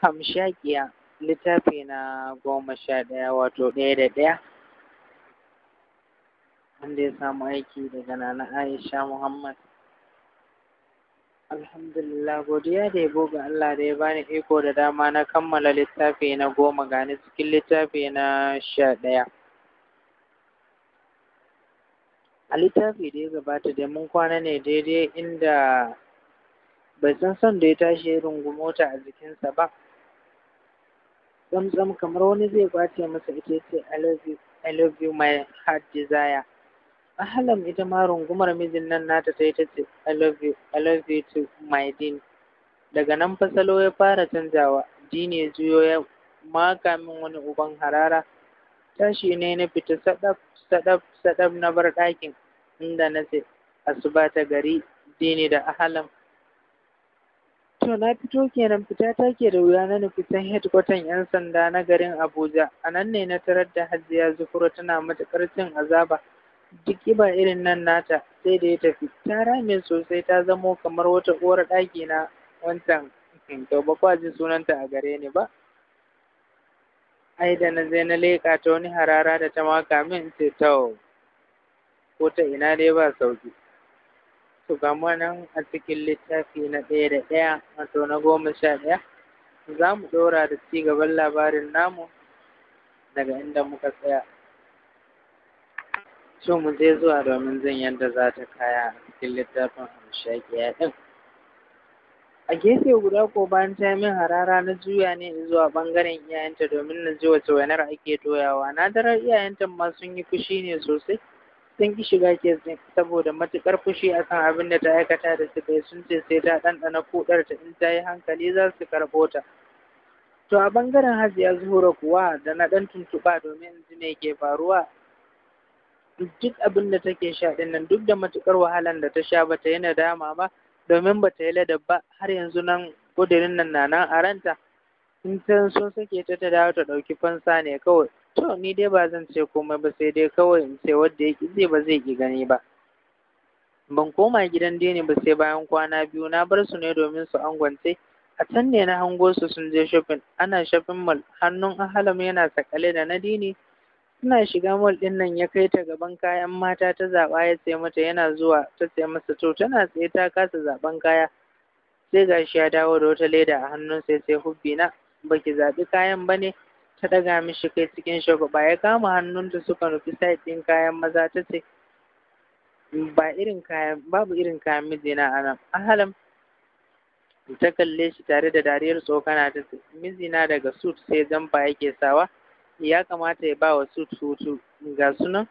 hamshakiya littafi na goma sha ɗaya wato ɗaya da ɗaya wanda ya samu aiki daga nana aisha muhammad alhamdulillah godiya da yabo ga allah da ya bani iko da dama na kammala littafi na goma gani cikin littafi na sha ɗaya a littafi da ya gabata da mun kwana ne daidai inda bai san son da ya tashi ya mota a jikinsa ba zamzam kamar wani zai kwace masa ita ce I love you I love you my heart desire Ahalam ita ma rungumar mijin nan nata ta ita ce I love you I love you too my dean daga nan fasalo ya fara canjawa dini ya juyo ya maka min wani uban harara tashi ne na fita sadaf sadaf sadaf na bar ɗakin inda na ce asuba ta gari dini da ahalam To na fito kenan fita take da wuya na nufi can hedkwatan 'yan sanda na garin Abuja. A nan ne na tarar da Hajiya Zufura tana matuƙar cin azaba. Duk ƙiba irin nan nata sai da ya tafi. Ta rame sosai ta zamo kamar wata uwar ɗaki na wancan. Hmm, to ba kwa ji sunanta a gare ni ba. Ai da na je na leƙa ta wani harara da ta maka min ce Ko ta ina dai ba sauki. su gama nan a cikin littafi na ɗaya da ɗaya wato na goma sha ɗaya za mu ɗora da ci gaban labarin namu daga inda muka tsaya so mu je zuwa domin zan yadda za ta kaya a cikin littafin hamshakiya ɗin a gefe guda ko bayan ta min harara na juya ne zuwa ɓangaren iyayenta domin na ji wace wainar ake doyawa na darar iyayenta ma sun yi fushi ne sosai sun ki shiga kesin saboda matukar fushi akan abin da ta aikata da suka yi sun ce sai ta ɗanɗana kuɗar ta in ta yi hankali za su karɓo ta. To a bangaren Hajiya Zuhura kuwa da na ɗan tuntuɓa domin ji me ke faruwa duk abin da take sha ɗin nan duk da matukar wahalan da ta sha ba ta yi nadama ba domin ba ta yi ladab ba har yanzu nan ƙudurin nan na nan a ranta in sun sake ta ta dawo ta ɗauki fansa ne kawai To ni dai ba zan ce komai ba sai dai kawai in ce wanda ya ƙi ba zai ki gani ba. Ban koma gidan dini ba sai bayan kwana biyu na bar su ne domin su angwance. A can ne na hango su sun je shopping ana shopping mall hannun ahalam yana sakale da na dini. Suna shiga mall ɗin nan ya kai ta gaban kayan mata ta zaɓa ya ce mata yana zuwa ta ce masa to tana tsaye ta kasa zaban kaya. Sai gashi ya dawo da wata leda a hannun sai sai hubbi na baki zaɓi kayan bane ne. ta ɗaga mishi kai cikin Ba ya kama hannun hannunta suka nufi side ɗin kayan maza ta ce ba irin kayan babu irin kayan mijina a nan ahalam ta kalle shi tare da dariyar tsokana ta ce mijina daga sut sai jamfa yake sawa ya kamata ya ba wa suit hutu ga sunan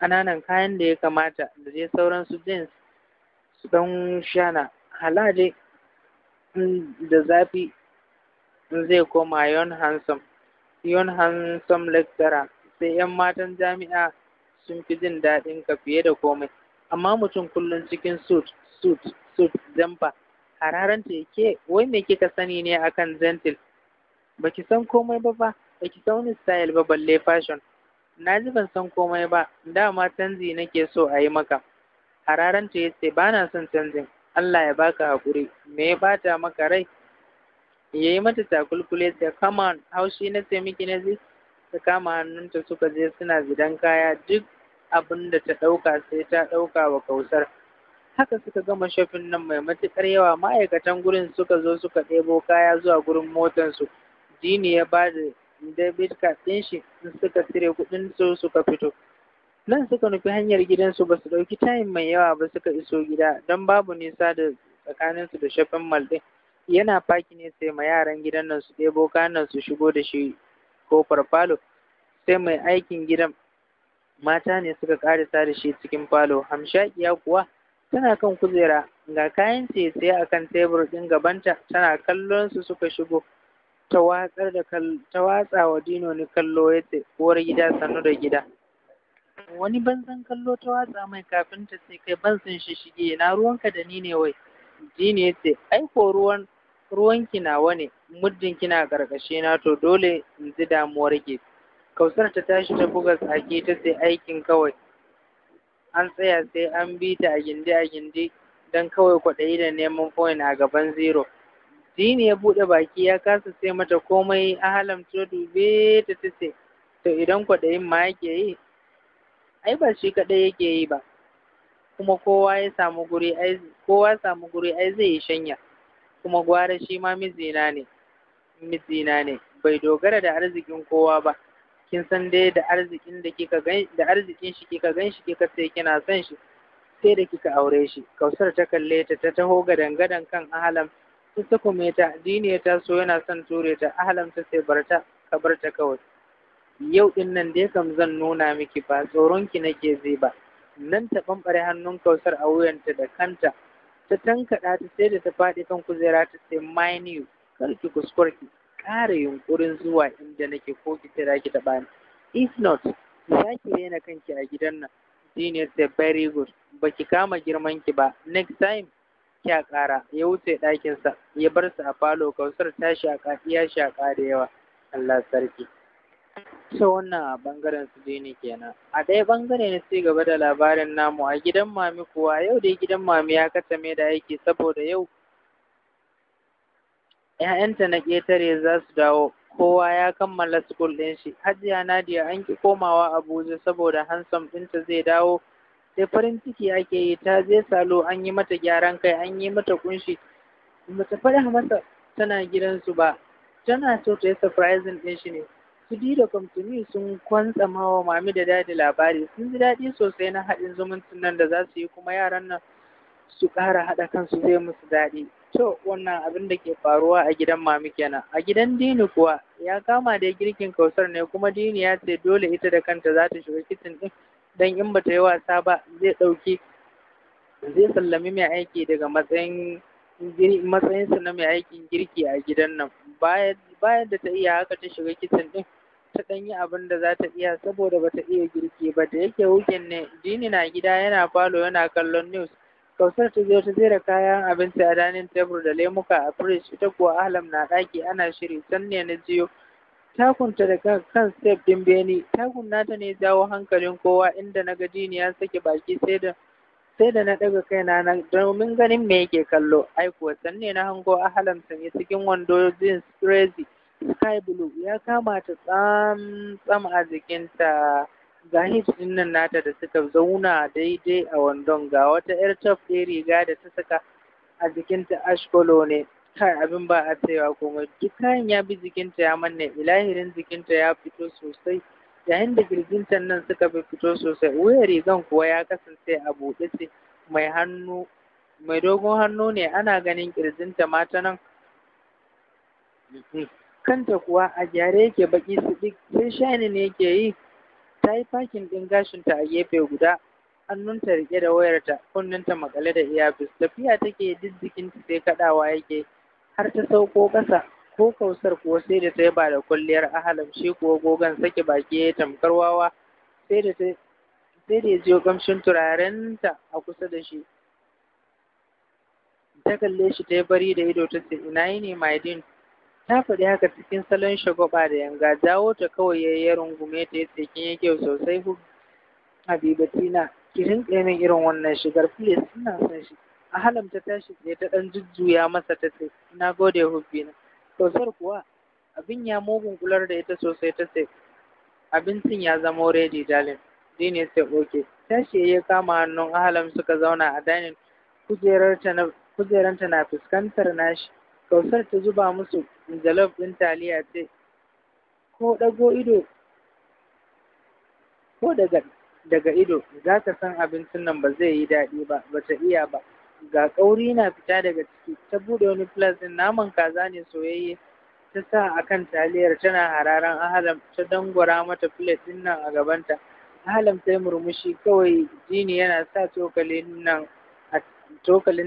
ƙananan kayan da ya kamata da dai sauran su jeans su ɗan shana halaje mm, da zafi zai koma yon handsome Yon handsome lecturer sai 'yan matan jami'a sun fi jin daɗin ka fiye da komai amma mutum kullum cikin suit suit suit jamba hararen ta wai me kika sani ne akan gentle baki san komai ba ba ki san wani style ba balle fashion na ji ban san komai ba dama canji nake so a yi maka hararen ta yace ba na son canjin Allah ya baka haƙuri me ya bata maka rai ya yi mata takulkule ta kama haushi na ce miki na ji ta kama hannunta suka je suna zidan kaya duk abin da ta ɗauka sai ta ɗauka wa kausar haka suka gama shafin nan mai matuƙar yawa ma'aikatan gurin suka zo suka ɗebo kaya zuwa gurin motansu dini ya ba da debit card ɗin shi suka cire kuɗin su suka fito nan suka nufi hanyar gidansu ba su ɗauki tayin mai yawa ba suka iso gida don babu nisa da tsakaninsu da shafin mal ɗin yana faki ne sai ma yaran gidan nan su ɗebo kanan su shigo da shi kofar falo sai mai aikin gidan mata ne suka ƙarisa da shi cikin falo hamshakiya kuwa tana kan kujera ga kayan ciye-ciye a kan tebur ɗin gabanta tana kallon su suka shigo ta watsar da ta watsa wa dino ni kallo ya ce uwar gida sannu da gida wani banzan kallo ta watsa mai kafin ta ce kai ban sun shi shige na ruwanka da ni ne wai Dini ya ce, Ai, ko ruwan ruwanki nawa ne, muddin kina karkashe na to dole in ji damuwar ke. Kausar ta tashi ta buga tsaki ta sai aikin kawai. An tsaya sai an bi ta a gindi a gindi don kawai kwaɗayi da neman point a gaban zero. Dini ya buɗe baki ya kasa sai mata komai a halamta dube ta ta ce, To idan kwaɗayin ma yake yi, ai ba shi kaɗai yake yi ba. kuma kowa ya samu guri ai kowa samu guri ai zai yi shanya kuma gwara shi ma mijina ne ne bai dogara da arzikin kowa ba kin san dai da arzikin da kika gan da arzikin shi kika gan shi kika sai kina son shi sai da kika aure shi kausar ta kalle ta ta taho ga dangadan kan ahalam ta kuma ta diniya ta so yana son ture ta ahalam ta sai barta ka barta kawai yau din nan dai kam zan nuna miki ba tsoron ki nake zai ba nan ta ɓamɓare hannun kausar a wuyanta da kanta ta tankaɗa ta sai da ta faɗi kan kujera ta sai mine you kar ki kuskurki ƙara yunƙurin zuwa inda nake ko ki kira ki taɓa ni if not za ki rena kanki a gidan nan senior ta very good ba ki kama girman ki ba next time kya ƙara ya wuce ɗakinsa ya bar su a falo kausar ta shaƙa iya shaƙa da yawa Allah sarki ita wannan a ɓangaren su ne kenan a ɗaya ɓangare na ci gaba da labarin namu a gidan mami kuwa yau dai gidan mami ya katame da aiki saboda yau ƴaƴanta na ƙetare za su dawo kowa ya kammala sukul ɗin shi hajiya nadiya an ki komawa abuja saboda hansom ɗinta zai dawo sai farin ciki ake yi ta je salo an yi mata gyaran kai an yi mata kunshi ba ta faɗa masa tana gidansu ba tana so ta yi surprising ɗin shi ne Kudi da Kamfani sun kwantsama wa mami da dadi labari, sun ji daɗi sosai na haɗin zumuncin nan da za su yi kuma yaran nan su ƙara haɗa kansu zai musu daɗi. To, wannan abin da ke faruwa a gidan mami kenan. A gidan Dini kuwa, ya kama da girkin kausar ne kuma Dini ya ce dole ita da kanta za ta shiga kicin ɗin dan in bata yi wasa ba zai ɗauki zai sallami mai aiki daga matsayin matsayinsa na mai aikin girki a gidan nan. Bayan da ta iya haka ta shiga kicin ɗin, ta ɗan yi abin da za ta iya saboda ba ta iya girki ba da yake wukin ne jini na gida yana falo yana kallon news kausar ta zo ta zira kayan abinci a danin tebur da lemuka a fridge ita kuwa ahlam na ɗaki ana shiri can ne na jiyo takunta da kan step ɗin beni takun nata ne jawo hankalin kowa inda na ga jini ya sake baki sai da sai da na ɗaga kaina na domin ganin me yake kallo ai kuwa sanne na hango ahlam sanye cikin wando jeans crazy sky blue ya kama ta tsam a jikinta ga hips din nan nata da suka zauna daidai a wandon ga wata yar top ɗaya riga da ta saka a jikinta ash color ne kai abin ba a cewa, komai duk kayan ya bi jikinta ya manne ilahirin jikinta ya fito sosai yayin da girginta nan suka bi fito sosai wuyar rigan kuwa ya kasance a buɗe ce mai hannu mai dogon hannu ne ana ganin kirjinta ma ta nan kanta kuwa a gyare yake baki su duk sai shani ne yake yi ta yi fakin ɗin gashinta a gefe guda hannunta rike da wayarta kunninta makale da iyafis tafiya take duk ta sai kaɗawa yake har ta sauko kasa ko kausar kuwa sai da ta ba da kwalliyar ahalam shi kuwa gogon sake baki ya tamkar wawa sai da ta sai da ya jiyo turarenta a kusa da shi ta kalle shi ta yi bari da ido ta ce ina yi ne my ta faɗi haka cikin salon shagwaba da yanga jawo ta kawai ya yi rungume ta ya ce kin yi kyau sosai ku habibatina ki rinƙa min irin wannan shigar please ina son shi a halam ta tashi tsaye ta ɗan jujjuya masa ta ce na gode hubbina kausar kuwa abin ya mugun kular da ita sosai ta ce abincin ya zama ready darling ne ce oke tashi ya kama hannun ahalam suka zauna a dining kujeranta na fuskantar nashi kausar ta zuba musu jalof ɗin taliya ce ko ɗago ido ko daga ido za ka san abincin nan ba zai yi daɗi ba ba ta iya ba ga ƙauri na fita daga ciki ta buɗe wani filas ɗin naman kaza ne soyayye ta sa a kan taliyar tana hararan ahalam ta dangwara mata filet ɗin nan a gabanta ahalam sai murmushi kawai jini yana sa cokalin nan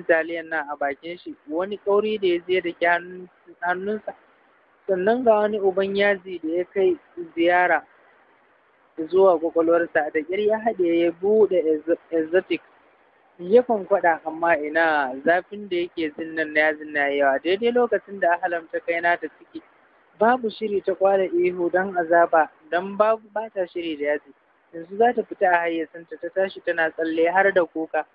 taliyar nan a bakin shi wani ƙauri da ya je da kyanun hannunsa sannan ga wani uban yaji da ya kai ziyara zuwa kwakwalwarsa da ƙyar ya haɗe ya buɗe exotic ya kwankwada amma ina zafin da yake zinnan na yazin na yawa daidai lokacin da ahalam ta kai ta ciki babu shiri ta kwala ihu don azaba don babu bata shiri da yaji yanzu za ta fita a hayyacinta ta tashi tana tsalle har da kuka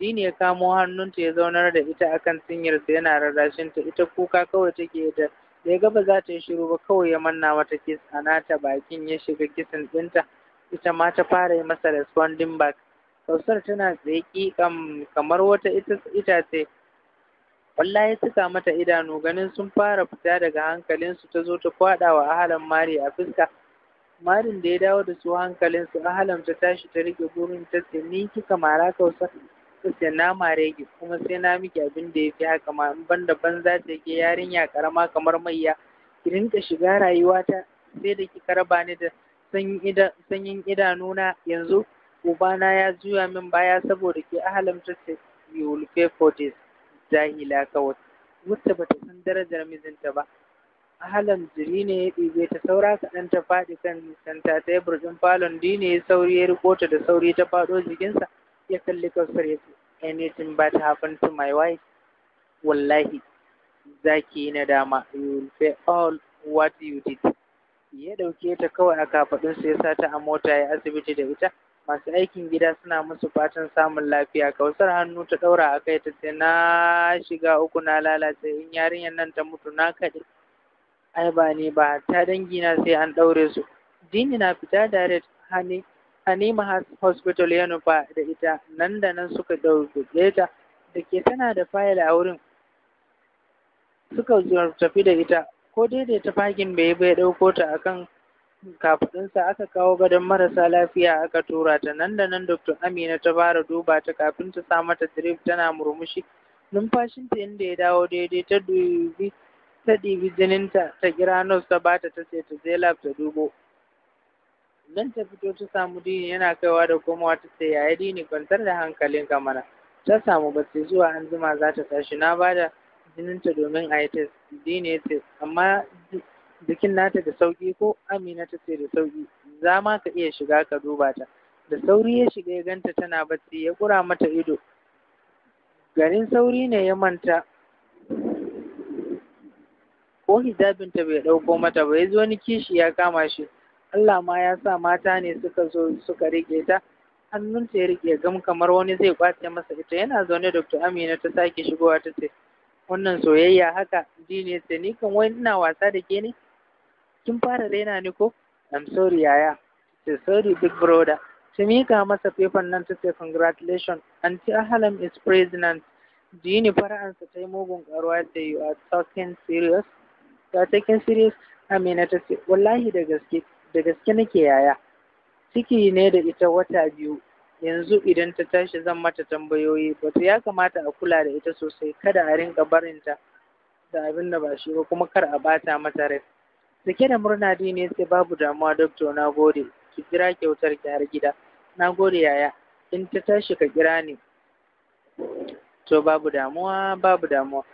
Dini ya kamo hannunta ya zaunar da ita akan cinyarsa yana ta ita kuka kawai take da da ya ga ba za ta yi shiru ba kawai ya manna mata kiss a nata bakin ya shiga kisan ɗinta ita ma ta fara yi masa responding back kausar tana tsaye kam kamar wata itace wallahi suka mata idanu ganin sun fara fita daga hankalinsu ta zo ta kwaɗa wa ahalan mari a fuska marin da ya dawo da su hankalinsu ahalan ta tashi ta rike gurin ta ce ni kika mara kausar sai na mare ki kuma sai na miki abin da ya fi haka ma in ban za ta ke yarinya karama kamar maiya ki rinka shiga rayuwata sai da kika raba ni da sanyin idanuna yanzu ubana ya juya min baya saboda ke Ahalam ta yul jahila kawai wacce bata san darajar mijinta ba Ahalam jiri ne ya ɗibe ta saura kaɗan ta faɗi kan santa tebur ɗin falon dine ya sauri ya riko ta da sauri ta faɗo jikinsa ya kalli kausar ya ce anything bad happen to my wife wallahi zaki yi nadama you will pay all what you did ya ɗauke ta kawai a kafaɗinsu ya sa ta a mota ya asibiti da ita masu aikin gida suna musu fatan samun lafiya kausar hannu ta ɗaura a kai ta ce na shiga uku na lalace in yarinyar nan ta mutu na kaɗe ai ba ne ba ta dangi na sai an ɗaure su dini na fita direct hani Halima Hospital ya nufa da ita nan da nan suka dauke ta da ke tana da fayil a wurin suka tafi da ita ko ta fagin bai bai ɗauko ta akan kafaɗinsa aka kawo gadon marasa lafiya aka tura ta nan da nan Dr. Amina ta fara duba ta kafin ta sa mata drip tana murmushi numfashinta inda ya dawo daidai ta dubi ta ɗibi jininta ta kira nurse ta bata ta ce ta je lab ta dubo nan ta fito ta samu dini yana kaiwa da komawa ta ce yaya dini kwantar da hankalin kamara ta samu bacci zuwa anjima za ta tashi na ba bada jininta domin a yi test dini ya ce amma jikin nata da sauki ko amina ta ce da sauki za ma ka iya shiga ka duba ta da sauri ya shiga ya ganta tana bacci ya kura mata ido garin sauri ne ya manta ko hijabinta bai ɗauko mata ba ya zo wani kishi ya kama shi Allah ma ya sa mata ne suka zo suka rike ta Hannun ta ya rike gam kamar wani zai kwace masa ita yana zaune Dr. Amina ta sake shigowa ta ce wannan soyayya haka ji ne ni kan wai ina wasa da ke ne kin fara raina ni ko I'm sorry yaya ce sorry big brother ta mika masa paper nan ta ce congratulations anti Ahalam is president. Jini fara'ansa ta yi mugun karuwa da you are talking serious? ta are serious? Amina ta ce, wallahi da gaske, da gaske nake yaya ciki ne da ita wata biyu yanzu idan ta tashi zan mata tambayoyi wato ya kamata a kula da ita sosai kada a rinka barinta da abin da ba shi ba kuma kar a bata mata rai sake da murna ne sai babu damuwa dokto na gode ki jira kyautar ki har gida na gode yaya in ta tashi ka kira ni to babu damuwa babu damuwa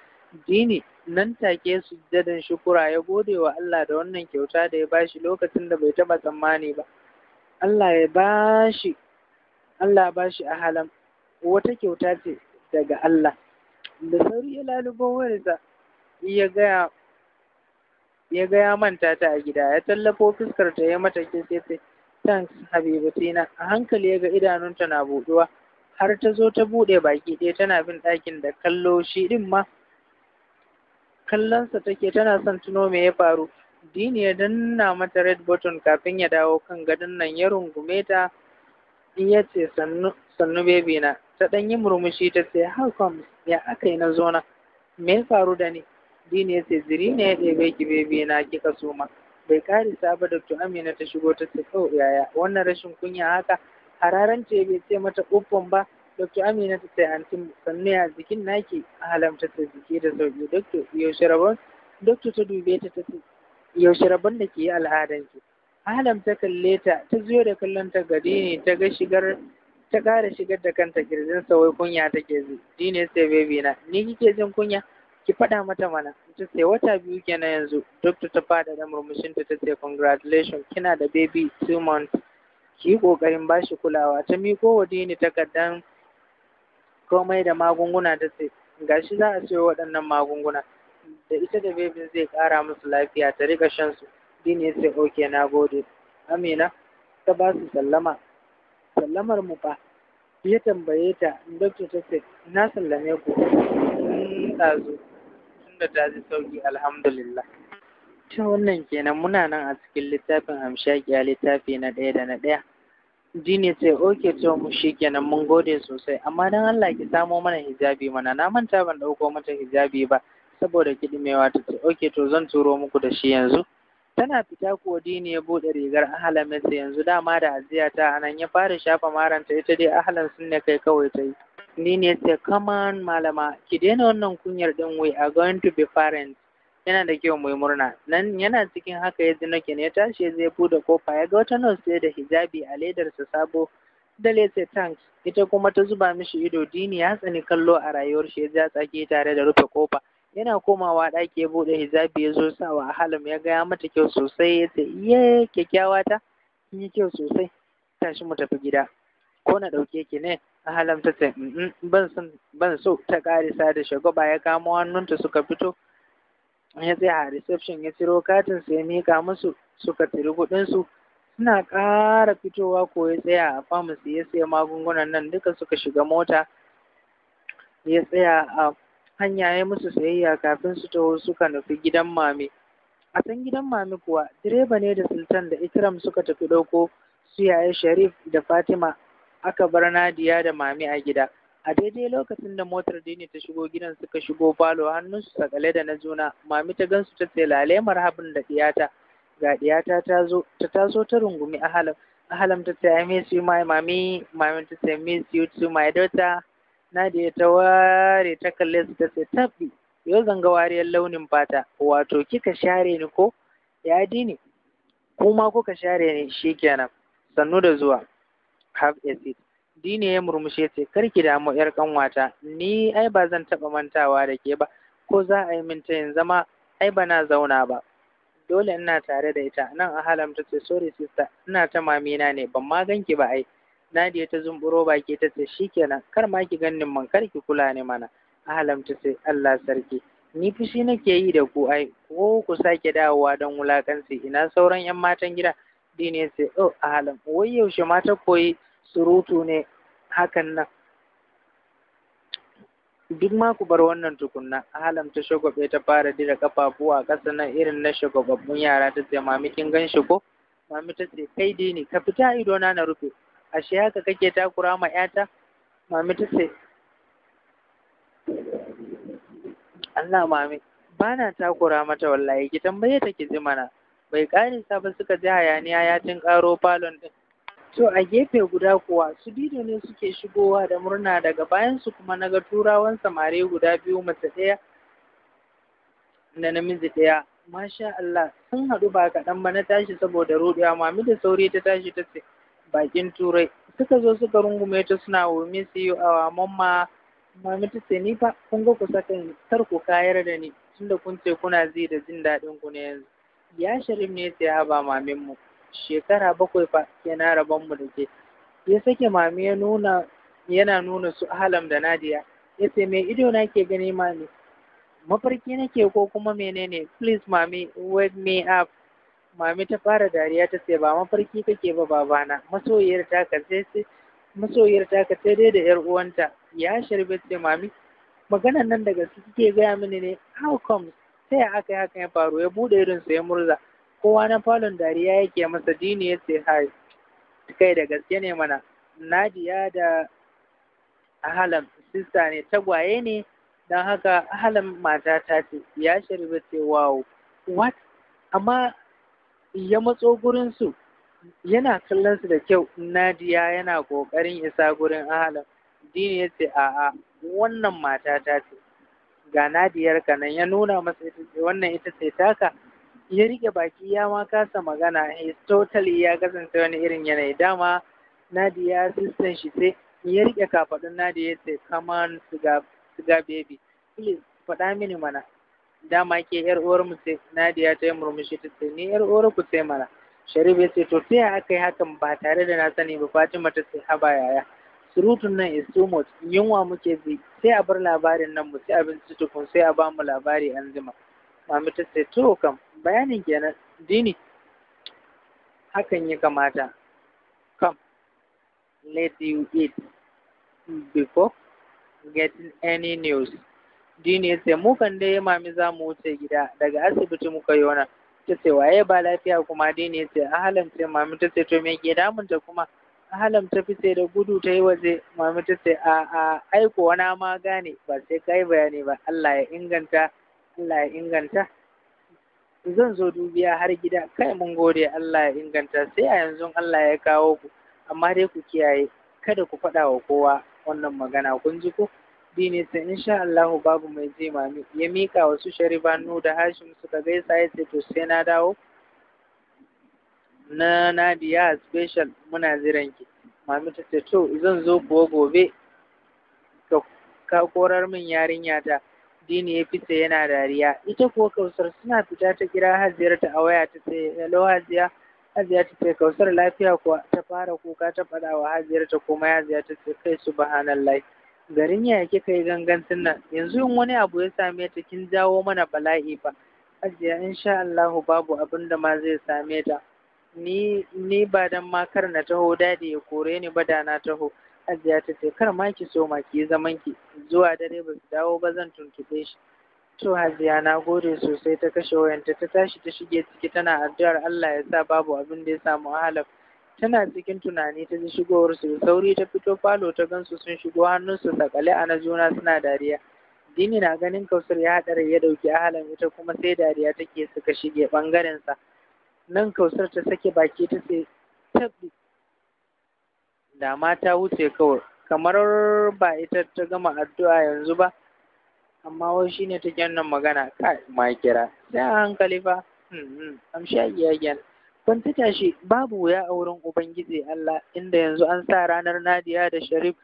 dini nan take sujjadan shukura ya gode wa Allah da wannan kyauta da ya bashi lokacin da bai taba tsammani ba Allah ya bashi Allah bashi a halam wata kyauta ce daga Allah da sauri ya lalubo wayarsa ya gaya ya ga ya manta ta a gida ya tallafo fuskar ta ya mata kitse thanks Tina, a hankali ya ga idanunta na buɗuwa har ta zo ta buɗe baki ɗaya tana bin ɗakin da kallo shi ɗin ma kallonsa take tana son tuno me ya faru dini ya danna mata red button kafin ya dawo kan gadon nan ya rungume ta ya ce sannu sannu baby na ta ɗan yi murmushi ta ce how come ya aka yi na zona me ya faru da ni dini ya ce ziri ne ya ɗebe ki baby na kika suma bai kare ba dr amina ta shigo ta ce kawai oh, yaya wannan rashin kunya haka hararan ce bai ce mata uffon ba Dr. Amina ta sai antin sanne jikin naki a halamta ta jike da sauki Dr. yaushe rabon Dr. ta dube ta ta ce yaushe rabon da ke al'adan ki Halamta ta kalle ta ta zo da kallon ta gari ne ta ga shigar ta ƙara shigar da kanta kirjin sa wai kunya ta ke zi. ne sai baby na ni kike jin kunya ki faɗa mata mana ta ce wata biyu kenan yanzu Dr. ta fada da murmushin ta ce congratulations kina da baby two months ki yi kokarin bashi kulawa ta miko wa dini takardan komai da magunguna ta ce gashi za a siyo waɗannan magunguna da ita da bebin zai ƙara musu lafiya ta riƙa shan su din ya ce oke na gode amina ta ba su sallama sallamar mu fa ya tambaye ta doctor ta ce na sallame ku Tun tunda ta ji sauki alhamdulillah ta wannan kenan muna nan a cikin littafin hamshakiya littafi na ɗaya da na ɗaya Jini ne sai oke ce mu kenan mun gode sosai amma dan Allah ki samo mana hijabi mana na manta ban dauko mata hijabi ba saboda kidimewa ta ce oke to zan turo muku da shi yanzu tana fita kuwa dini ya bude rigar ahalan mata yanzu dama da aziya ta anan ya fara shafa maranta ita dai ahalan sun ne kai kawai ta yi ni ne ce come malama ki daina wannan kunyar din we are going to be parents yana da kyau mai murna nan yana cikin haka ya ji ne ya tashi ya zai bude kofa ya ga wata nurse da hijabi a ledarsa sabo da lese tank ita kuma ta zuba mishi ido dini ya tsani kallo a rayuwar shi ya ja tsaki tare da rufe kofa yana komawa ɗaki ya bude hijabi ya zo sawa a halam ya gaya mata kyau sosai ya ce iya kyakkyawa ta yi kyau sosai tashi mu tafi gida ko na ɗauke ki ne a halam ta ce ban so ta ƙarisa da shagwaba ya kamo hannunta suka fito ya tsaya a reception ya ciro katin sai mika musu suka tiri su suna ƙara fitowa ko ya tsaya a pharmacy ya saya magungunan nan duka suka shiga mota ya tsaya a hanya ya musu sayayya kafin su taho suka nufi gidan mami a san gidan mami kuwa direba ne da sultan da ikram suka tafi ɗauko su yaya sharif da fatima aka bar nadiya da mami a gida a daidai lokacin da motar dini ta shigo gidan suka shigo falo hannunsu sakale da na juna mami ta gansu ta ce lalemar habin da diyata ga diyata ta zo ta taso ta rungumi ahalam ahalam ta ce i miss you my mami mami ta ce miss you too my daughter Nadia ta ware ta kalle su ta ce tabbi yau zanga wariyar launin fata wato kika share ni ko ya dini kuma kuka share ni shikenan sannu da zuwa have a seat shi ne ya murmushe ce karki damu yar kanwata ni ai ba zan taɓa mantawa da ke ba ko za a yi min ta tayin zama ai ba na zauna ba dole ina tare da ita nan a halam ta ce sorry sister ina ta mamina ne ban ma ganki ba ai Nadiya ta zumburo baki ta ce shikenan kar ma ki ganin man kar ki kula ni mana halam ta ce Allah sarki ni fushi nake yi da ku ai ko ku sake dawowa don wulakanci ina sauran yan matan gida dine ce oh halam wai yaushe mata koyi surutu ne hakan nan duk ma ku bar wannan tukunna alam ta shagwabe ta fara dira kafafuwa a ƙasa na irin na shagwababbun yara ta ce mami kin gan shi ko mami ta ce kai dai ne ka fita ido na na rufe ashe haka kake takura ma yata mami ta ce Allah mami ba na takura mata wallahi ki tambaye ta ki ji mana bai ƙarisa ba suka ji hayaniya ya tin karo falon din To a gefe guda kuwa su dido ne suke shigowa da murna daga bayan su kuma na ga turawan samare guda biyu mace ɗaya da namiji ɗaya. Masha Allah sun haɗu ba kaɗan ba na tashi saboda ruɗewa mami da sauri ta tashi ta ce bakin turai suka zo suka rungume ta suna wa su yi awa mamma mami ta ce ni fa kun ga ku sakan kar ku kayar da ni tunda kun ce kuna zai da jin daɗin ku ne yanzu. Ya sharif ne ya ba mamin mu shekara bakwai fa yana rabon mu da ke ya sake mami ya nuna yana nuna su halam da nadiya ya ce mai ido na ke gani mami mafarki nake ko kuma menene please mami wake me up mami ta fara dariya ta ce ba mafarki kake ba babana masoyiyar ta ka sai masoyiyar ta ka sai dai da yar uwanta ya sharbe ce mami maganan nan daga gaske kike gaya mini ne how come sai aka yi haka ya faru ya bude irin su ya murza kowa na falon dariya yake masa dini ya ce hai kai da gaske ne mana nadiya da ahalam sista ne tagwaye ne don haka ahalam mata ta ce ya shirbe ce wow what amma ya matso gurin su yana kallon su da kyau nadiya yana kokarin isa gurin ahalam dini ya ce a'a wannan mata ta ce ga nadiyar ka nan ya nuna masa wannan ita ce taka ya rike baki ya ma kasa magana his totally ya kasance wani irin yanayi dama Nadia sistan shi sai ya rike kafadun Nadia ya ce come on baby please faɗa mini mana dama ke yar uwar mu ce Nadia ta yi murmushi ta ce ni yar uwar ku sai mana Sharif ya ce to ta aka yi hakan ba tare da na sani ba Fatima ta ce haba yaya surutun nan is too much yunwa muke bi sai a bar labarin nan mu sai abinci tukun sai a bamu labari an zima mami ta ce to kam bayanin kenan dini hakan ya kamata come let you eat before getting any news dini ya ce mu kan ya mami za mu wuce gida daga asibiti muka yi wani, ta ce waye ba lafiya kuma dini ya ce a halamta ce mami ta ce to me ke damunta kuma ahalam ta fice da gudu ta yi waje mami ta ce a a aiko na ma gane ba sai kai bayani ba Allah ya inganta Allah ya inganta zan zo dubiya har gida kai mun gode Allah ya inganta sai a yanzu Allah ya kawo ku amma dai ku kiyaye kada ku faɗa wa kowa wannan magana kun ji ko dine sai insha Allah babu mai ji mami ya mika wasu sharibanu da Hashim suka gaisa ya ce to sai na dawo na Nadiya special muna jiran ki mami ta ce to zan zo kuwa gobe ka korar min yarinya ta addini ya fice yana dariya. Ita kuwa Kausar suna fita ta kira hajiyar ta a waya ta ce, "Hello Hajiya." Hajiya ta ce, "Kausar lafiya kuwa ta fara kuka ta fada wa hajiyar ta kuma Hajiya ta ce, "Kai subhanallah." Garin yaya kika yi gangancin nan? Yanzu in wani abu ya same ta kin jawo mana bala'i fa. Hajiya insha Allahu babu abin da ma zai same ta. Ni ni ba dan makar na taho dadi ya kore ni ba da na taho. Hajiya ta ce kar ma ki so ma ki zaman ki zuwa dare ba su dawo ba zan tuntube shi. To Hajiya na gode sosai ta kashe wayanta ta tashi ta shige ciki tana addu'ar Allah ya sa babu abin da ya samu halaf. Tana cikin tunani ta ji shigowar su da sauri ta fito falo ta gansu sun shigo hannunsu sakale a na juna suna dariya. Dini na ganin Kausar ya haɗa ya dauki ahalan ita kuma sai dariya take suka shige ɓangarensa. Nan Kausar ta sake baki ta sai tabbi da ma ta wuce kawai kamar ba ita ta gama addu'a yanzu ba amma wai shi ne take magana kai ma kira da hankali fa am shagiya gyan kun ta tashi babu wuya a wurin ubangiji Allah inda yanzu an sa ranar Nadiya da Sharif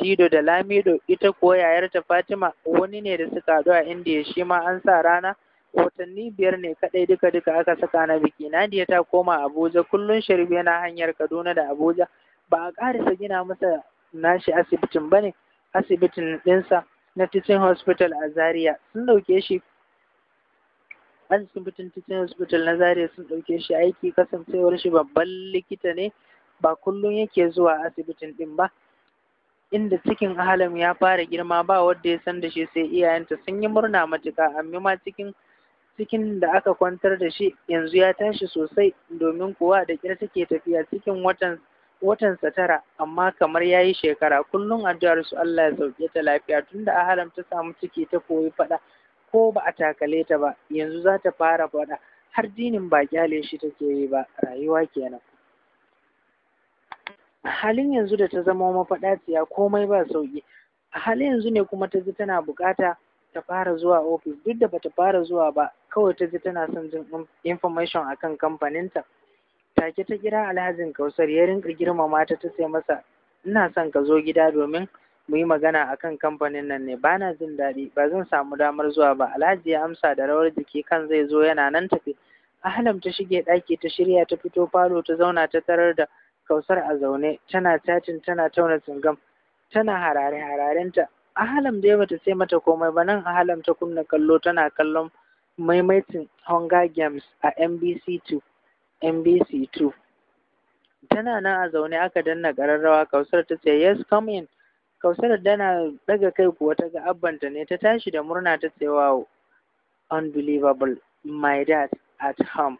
Dido da Lamido ita yayar yayarta Fatima wani ne da suka haɗu a Indiya shi ma an sa rana watanni biyar ne kadai duka duka aka saka na biki Nadiya ta koma Abuja kullum Sharif yana hanyar Kaduna da Abuja ba a ƙarisa gina masa nashi asibitin ba ne asibitin ɗinsa na Titin hospital a zaria sun ɗauke shi asibitin titin hospital na zaria sun ɗauke shi aiki kasancewar shi babban likita ne ba kullum yake zuwa asibitin ɗin ba inda cikin ahalam ya fara girma ba wadda ya san da shi sai iyayenta sun yi murna matuka. amma ma cikin cikin da aka kwantar da shi yanzu ya tashi sosai domin kuwa da kira take tafiya cikin watan watansa tara amma kamar ya yi shekara kullum addu'ar su Allah ya sauke ta lafiya tunda ahalam ta samu ciki ta koyi faɗa ko ba a takale ta ba yanzu za ta fara faɗa har dinin ba kyale shi take yi ba rayuwa kenan a halin yanzu da ta zama mafaɗaciya komai ba sauki a halin yanzu ne kuma ta ji tana bukata ta fara zuwa ofis duk da bata fara zuwa ba kawai ta ji tana son jin information akan kamfaninta. kamfanin ta take ta kira alhajin kausar ya rinƙa girmama ta ta sai masa ina son ka zo gida domin mu yi magana akan kamfanin nan ne bana jin daɗi ba zan samu damar zuwa ba alhaji ya amsa da rawar jiki kan zai zo yana nan tafi ahlam ta shige ɗaki ta shirya ta fito falo ta zauna ta tarar da kausar a zaune tana catin tana tauna ta tana harare hararenta ahalam dai bata sai mata komai ba nan ahalam ta kunna kallo tana kallon maimaitin hunger games a mbc 2 MBC 2. Tana nan a zaune aka danna ƙararrawa Kausar ta ce yes come in. Kausar dana daga kai kuwa ta ga abbanta ne ta tashi da murna ta ce wow unbelievable my dad at home.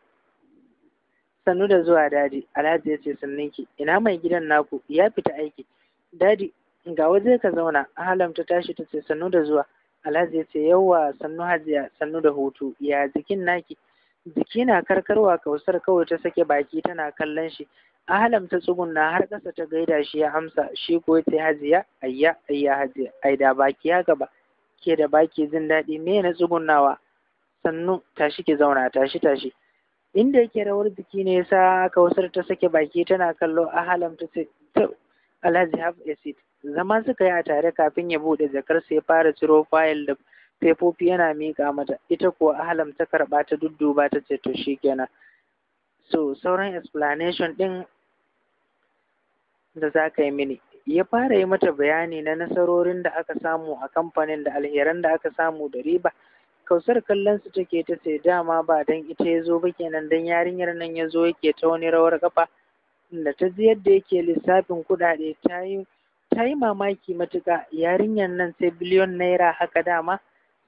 Sannu da zuwa dadi Alhaji ya ce sanninki ina mai gidan naku ya fita aiki. Dadi ga waje ka zauna Halam ta tashi ta ce sannu da zuwa. Alhaji ya ce yawwa sannu hajiya sannu da hutu ya jikin naki jiki na karkarwa kausar kawai ta sake baki tana kallon shi ahalam ta tsugunna har ƙasa ta gaida shi ya amsa shi ko ta hajiya ayya ayya hajiya ai da baki haka ba ke da baki jin daɗi me na tsugunawa sannu tashi ki zauna tashi tashi inda yake rawar jiki ne sa kausar ta sake baki tana kallo ahalam ta ce alhaji have a seat zama suka yi a tare kafin ya buɗe jakar sai fara ciro fayil da fefofi yana miƙa mata ita kuwa ahalam ta karɓa ta dudduba ta ce to shikenan so sauran explanation ɗin da za ka yi mini ya fara yi mata bayani na nasarorin da aka samu a kamfanin da alheran da aka samu da riba kausar kallon su take ta ce dama ba dan ita ya zo ba kenan dan yarinyar nan ya zo yake ta wani rawar kafa da ta ji yadda yake lissafin kuɗaɗe ta yi mamaki matuka, yarinyar nan sai biliyon naira haka dama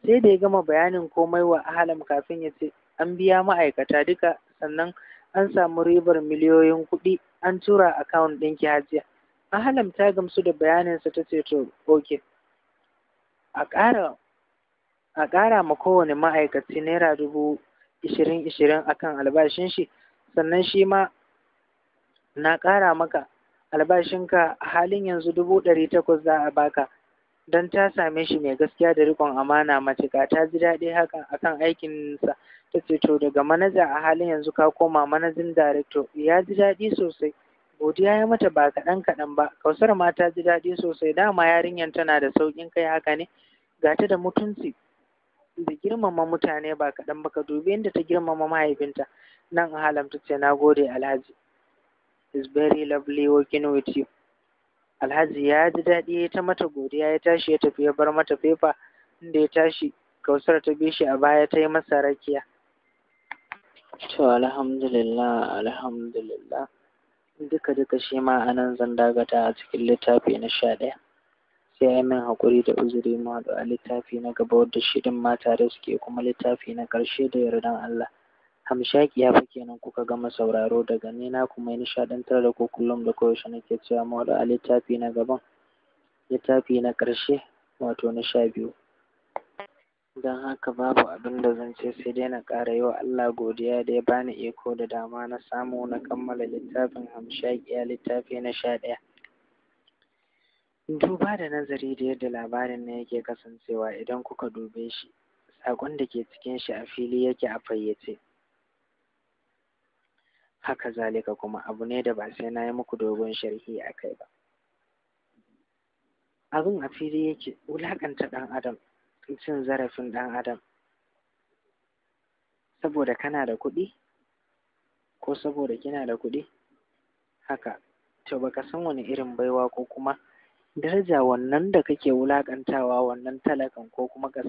sai da ya gama bayanin komai wa ahalam kafin ya ce an biya ma'aikata duka sannan an samu ribar miliyoyin kuɗi an tura akawun ɗinki hajiya ahalam ta gamsu da bayaninsa ta ce to ok a ƙara ma kowane ma'aikaci naira dubu ishirin ishirin akan albashin shi sannan shi ma na ƙara maka albashinka a halin yanzu dubu ɗari takwas za a baka don ta same shi mai gaskiya da rikon amana mace ga ta ji daɗi hakan akan sa ta ce to daga manaja a halin yanzu ka koma manajin director ya ji daɗi sosai godiya ya mata ba kaɗan kaɗan ba kausar ma ta ji daɗi sosai dama yarinyar tana da sauƙin kai haka ne ga ta da mutunci da girmama mutane ba kaɗan ba ka dubi yadda ta girmama mahaifinta nan a ta ce na gode alhaji is very lovely working with you alhaji ya ji daɗi ya ta mata godiya ya tashi ya tafi ya bar mata fefa inda ya tashi kausar ta bi shi a baya ta yi masa rakiya to alhamdulillah alhamdulillah duka duka shi ma a nan zan dagata a cikin littafi na sha ɗaya sai yi min haƙuri da uzuri mu haɗu a littafi na gaba wadda shirin mata tare suke kuma littafi na ƙarshe da yardan Allah ya fa kenan kuka gama sauraro daga ni kuma mai nishaɗantar da ku kullum da koyaushe nake cewa mu haɗu a littafi na gaban littafi na ƙarshe wato na sha biyu. Don haka babu abin da zan ce sai dai na ƙara yi wa Allah godiya da ya bani iko da dama na samu na kammala littafin Hamshakiya littafi na sha ɗaya. Duba da nazari da yadda labarin na yake kasancewa idan kuka dube shi, saƙon da ke cikin shi a fili yake a fayyace. haka zalika kuma abu ne da ba sai na yi muku dogon sharhi a kai ba abin a fili yake wulaƙanta ɗan adam cin zarafin ɗan adam saboda kana da kuɗi ko saboda kina da kuɗi haka to baka san wani irin baiwa ko kuma daraja wannan da kake wulaƙantawa wannan talakan ko kuma ba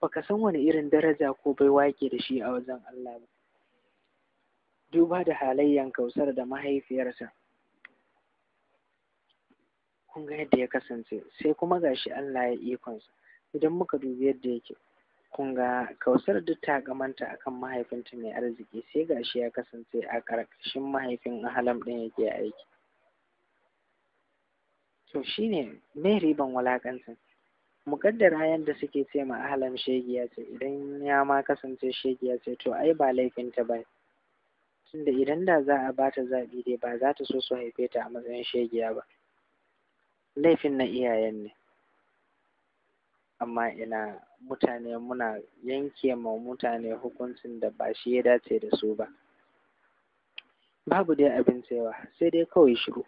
baka san wani irin daraja ko baiwa ke da shi a wajen Allah ba duba da halayyan kausar da mahaifiyarsa kun yadda ya kasance sai kuma gashi Allah ya ikonsa idan muka dubi yadda yake kun ga kausar duk ta kamanta akan mahaifinta mai arziki sai gashi ya kasance a ƙarƙashin mahaifin ahalam ɗin yake aiki to shine mai riban wulaƙancin muƙaddara yadda suke ce ma ahalam shegiya ce idan ya ma kasance shegiya ce to ai ba laifinta ba ne. tunda idan da za a bata ta zaɓi dai ba za ta so su haife ta a matsayin shegiya ba. Laifin na iyayen ne. Amma ina mutane muna yanke ma mutane hukuncin da ba shi ya dace da su ba. Babu dai abin cewa sai dai kawai shiru.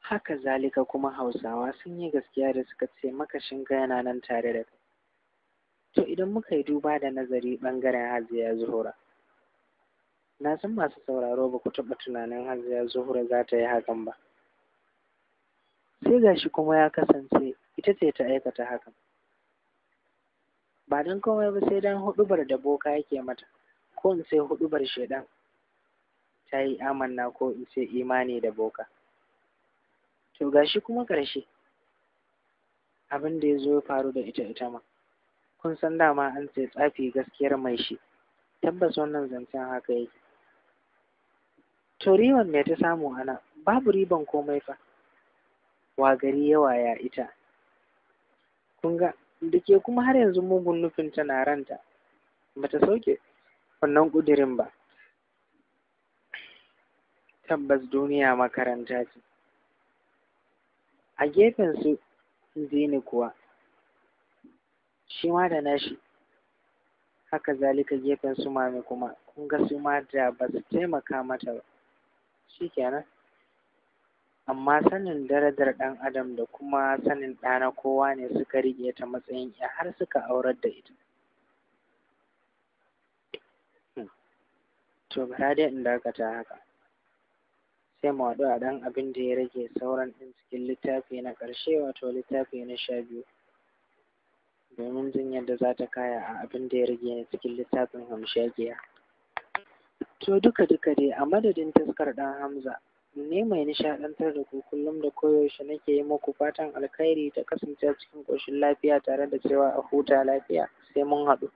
Haka zalika kuma Hausawa sun yi gaskiya da suka ce makashinka yana nan tare da kai. To idan muka yi duba da nazari ɓangaren Hajiya Zuhura. na san masu sauraro ba ku taɓa tunanin hajiya zuhura za ta yi hakan ba sai gashi kuma ya kasance ita ce ta aikata hakan ba don komai ba sai don huɗubar da boka yake mata ko in sai huɗubar shaidan ta yi amanna ko in sai imani da boka to gashi kuma ƙarshe abin da ya zo faru da ita ita ma kun san dama an sai tsafi gaskiyar mai shi tabbas wannan zancen haka yake to riban me ta samu hana babu riban komai fa wa gari yawa ya ita kun ga da ke kuma har yanzu mugun nufin tana ranta ba ta sauke wannan ƙudirin ba tabbas duniya makaranta ce a gefen su zini kuwa shi ma da nashi haka zalika gefen su mami kuma kun ga su ma da ba su taimaka mata ba shi kenan amma sanin darajar ɗan adam da kuma sanin ɗa na kowa ne suka riƙe ta matsayin ya har suka aurar da ita hmm. to bara dai in dakata haka sai mu haɗu a ɗan abin da ya rage sauran ɗin cikin littafi na ƙarshe wato littafi na sha biyu domin jin yadda za ta kaya a abin da ya rage cikin littafin hamshagiya. To duka-duka dai a madadin taskar ɗan Hamza, ne mai nishaɗantar da ku kullum da koyaushe nake yi muku fatan alkhairi ta kasance cikin ƙoshin lafiya tare da cewa a huta lafiya sai mun haɗu.